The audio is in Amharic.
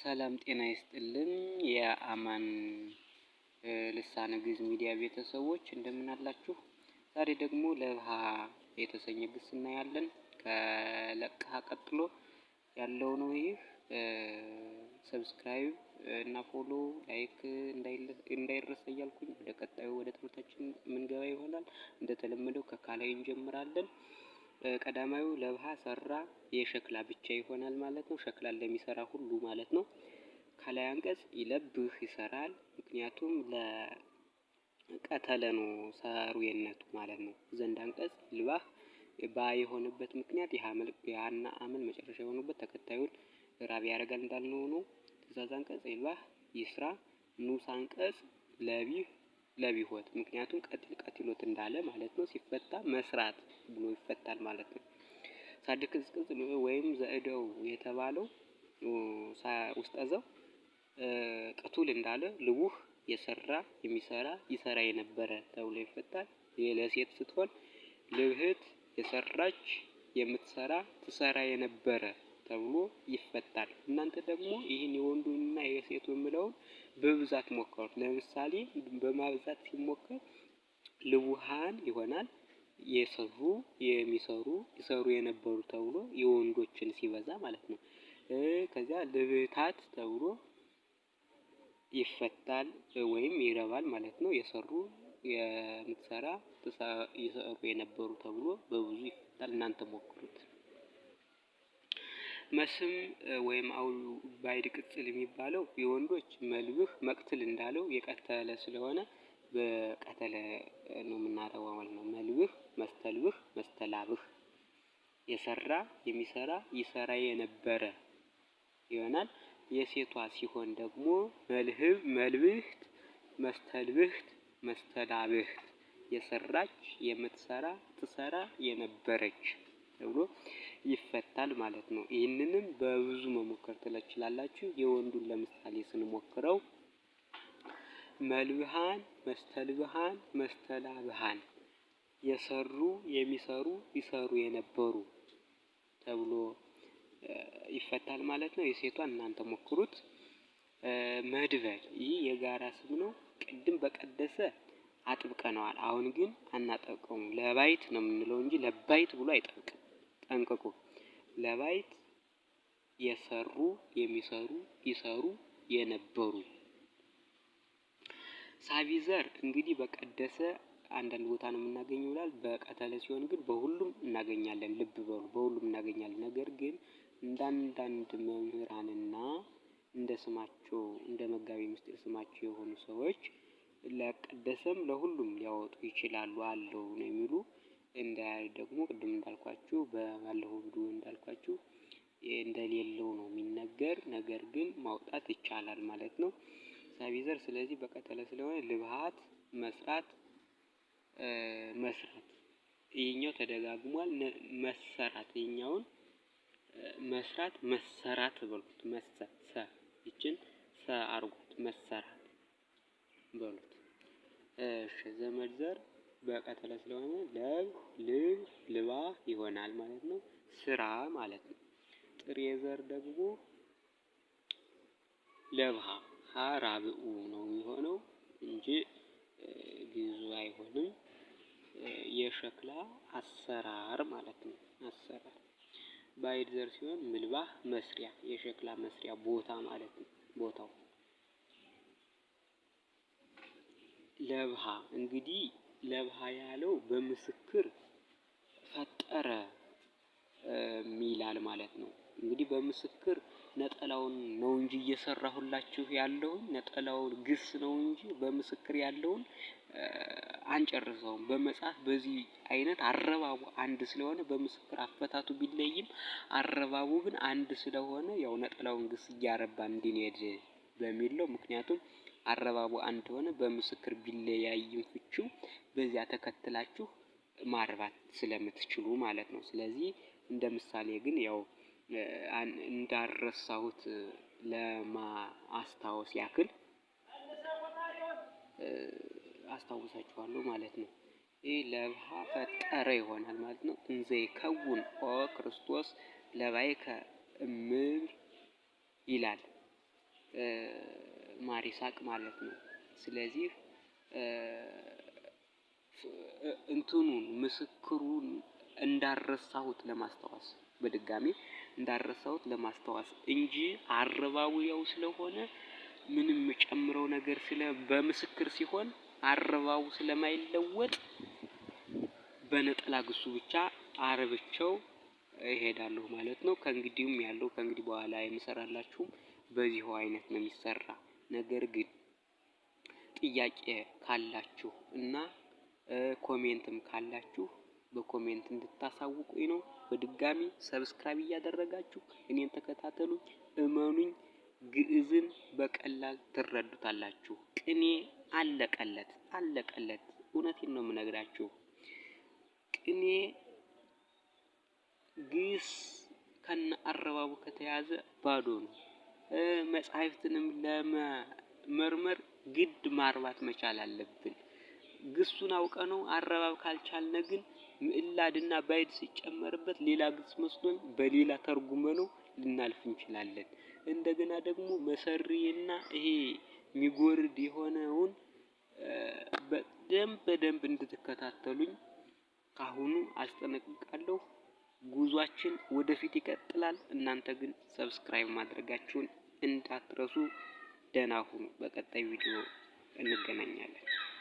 ሰላም ጤና ይስጥልን። የአማን ልሳነ ግዝ ሚዲያ ቤተሰቦች እንደምን አላችሁ? ዛሬ ደግሞ ለብሃ የተሰኘ ግስ እናያለን። ከለቅሃ ቀጥሎ ያለው ነው ይህ። ሰብስክራይብ እና ፎሎ ላይክ እንዳይረሳ እያልኩኝ ወደ ቀጣዩ ወደ ትምህርታችን የምንገባ ይሆናል። እንደተለመደው ከካላይ እንጀምራለን። ቀዳማዊ ለብሃ ሰራ የሸክላ ብቻ ይሆናል ማለት ነው። ሸክላ ለሚሰራ ሁሉ ማለት ነው። ከላይ አንቀጽ ይለብህ ይሰራል። ምክንያቱም ለቀተለ ነው ሰሩ የነቱ ማለት ነው። ዘንድ አንቀጽ ልባህ ባ የሆነበት ምክንያት ያና አመል መጨረሻ የሆኑበት ተከታዩን ራብ ያደርጋል እንዳልነው ነው። ትእዛዝ አንቀጽ ይልባህ ይስራ። ኑስ አንቀጽ ለቢህ ለቢሆት ምክንያቱም ቀቲል ቀቲሎት እንዳለ ማለት ነው። ሲፈታ መስራት ብሎ ይፈታል ማለት ነው። ሳድቅ ዝቅዝ ወይም ዘእደው የተባለው ውስጠዘው ቅቱል እንዳለ ልቡህ የሰራ የሚሰራ ይሰራ የነበረ ተብሎ ይፈታል። ለሴት ስትሆን ልብህት የሰራች የምትሰራ ትሰራ የነበረ ተብሎ ይፈታል። እናንተ ደግሞ ይህን የወንዱንና የሴቱ የምለውን በብዛት ሞከሩት። ለምሳሌ በማብዛት ሲሞከር ልቡሃን ይሆናል። የሰሩ የሚሰሩ ይሰሩ የነበሩ ተብሎ የወንዶችን ሲበዛ ማለት ነው። ከዚያ ልብታት ተብሎ ይፈታል ወይም ይረባል ማለት ነው። የሰሩ የምትሰራ ይሰሩ የነበሩ ተብሎ በብዙ ይፈታል። እናንተ ሞክሩት። መስም ወይም አውሉ ባይድ ቅጽል የሚባለው የወንዶች መልብህ መቅትል እንዳለው የቀተለ ስለሆነ በቀተለ ነው የምናረገው ማለት ነው። መልብህ፣ መስተልብህ፣ መስተላብህ የሰራ የሚሰራ ይሰራ የነበረ ይሆናል። የሴቷ ሲሆን ደግሞ መልህብ፣ መልብህት፣ መስተልብህት፣ መስተላብህት የሰራች የምትሰራ ትሰራ የነበረች ተብሎ ይፈታል ማለት ነው። ይህንንም በብዙ መሞከር ትችላላችሁ። የወንዱን ለምሳሌ ስንሞክረው መልብሃን፣ መስተልብሃን፣ መስተላብሃን የሰሩ የሚሰሩ ይሰሩ የነበሩ ተብሎ ይፈታል ማለት ነው። የሴቷን እናንተ ሞክሩት። መድበል ይህ የጋራ ስም ነው። ቅድም በቀደሰ አጥብቀነዋል። አሁን ግን አናጠብቀውም። ለባይት ነው የምንለው እንጂ ለባይት ብሎ አይጠብቅም። ጠንቅቁ። ለባይት የሰሩ የሚሰሩ ይሰሩ የነበሩ ሳቪዘር እንግዲህ በቀደሰ አንዳንድ ቦታ ነው የምናገኘው ይላል። በቀተለ ሲሆን ግን በሁሉም እናገኛለን። ልብ በሉ በሁሉም እናገኛለን። ነገር ግን እንዳንዳንድ መምህራንና እንደ ስማቸው እንደ መጋቢ ምስጢር ስማቸው የሆኑ ሰዎች ለቀደሰም ለሁሉም ሊያወጡ ይችላሉ አለው ነው የሚሉ እንዳያይ ደግሞ ቅድም እንዳልኳችሁ በባለፈው ቪዲዮ እንዳልኳችሁ እንደሌለው ነው የሚነገር። ነገር ግን ማውጣት ይቻላል ማለት ነው ሳቪዘር። ስለዚህ በቀጠለ ስለሆነ ልብሃት መስራት መስራት ይህኛው ተደጋግሟል። መሰራት ይህኛውን መስራት መሰራት በሉት። መሰሰ ይችን ሰ አርጉት መሰራት በሉት። እሺ ዘመድ ዘር በቀተለ ስለሆነ ለብ ልብ ልባ ይሆናል ማለት ነው። ስራ ማለት ነው። ጥሬ ዘር ደግሞ ለብሃ ሀራብኡ ነው የሚሆነው እንጂ ግዙ አይሆንም። የሸክላ አሰራር ማለት ነው። አሰራር ባይድ ዘር ሲሆን ምልባህ መስሪያ፣ የሸክላ መስሪያ ቦታ ማለት ነው። ቦታው ለብሃ እንግዲህ ለብሃ ያለው በምስክር ፈጠረ ይላል ማለት ነው። እንግዲህ በምስክር ነጠላውን ነው እንጂ እየሰራሁላችሁ ያለውን ነጠላውን ግስ ነው እንጂ በምስክር ያለውን አንጨርሰውም። በመጽሐፍ በዚህ አይነት አረባቡ አንድ ስለሆነ በምስክር አፈታቱ ቢለይም አረባቡ ግን አንድ ስለሆነ ያው ነጠላውን ግስ እያረባ እንድንሄድ በሚል ነው። ምክንያቱም አረባቡ አንድ ሆነ። በምስክር ቢለያይም ፍቺው በዚያ ተከትላችሁ ማርባት ስለምትችሉ ማለት ነው። ስለዚህ እንደ ምሳሌ ግን ያው እንዳረሳሁት ለማስታወስ ያክል አስታውሳችኋለሁ ማለት ነው። ይህ ለብሃ ፈጠረ ይሆናል ማለት ነው። እንዘ ይከውን ኦ ክርስቶስ ለባይ እምር ይላል። ማሪሳቅ ማለት ነው። ስለዚህ እንትኑን ምስክሩን እንዳረሳሁት ለማስታወስ በድጋሚ እንዳረሳሁት ለማስታወስ እንጂ አረባቡ ያው ስለሆነ ምንም የምጨምረው ነገር ስለ በምስክር ሲሆን አረባቡ ስለማይለወጥ በነጠላ ግሱ ብቻ አረብቸው እሄዳለሁ ማለት ነው። ከእንግዲህም ያለው ከእንግዲህ በኋላ የምሰራላችሁም በዚህው አይነት ነው የሚሰራ። ነገር ግን ጥያቄ ካላችሁ እና ኮሜንትም ካላችሁ በኮሜንት እንድታሳውቁኝ ነው። በድጋሚ ሰብስክራይብ እያደረጋችሁ እኔን ተከታተሉኝ። እመኑኝ ግዕዝን በቀላል ትረዱታላችሁ። ቅኔ አለቀለት አለቀለት። እውነቴን ነው የምነግራችሁ። ቅኔ ግስ ከነ አረባቡ ከተያዘ ባዶ ነው። መጽሐፍትንም ለመመርመር ግድ ማርባት መቻል አለብን። ግሱን አውቀ ነው አረባብ ካልቻልነ ግን ምዕላድና ባይድ ሲጨመርበት ሌላ ግስ መስሎን በሌላ ተርጉመ ነው ልናልፍ እንችላለን። እንደገና ደግሞ መሰሪና ይሄ የሚጎርድ የሆነውን በደንብ በደንብ እንድትከታተሉኝ ካሁኑ አስጠነቅቃለሁ። ጉዟችን ወደፊት ይቀጥላል። እናንተ ግን ሰብስክራይብ ማድረጋችሁን እንዳትረሱ። ደህና ሁኑ። በቀጣይ ቪዲዮ እንገናኛለን።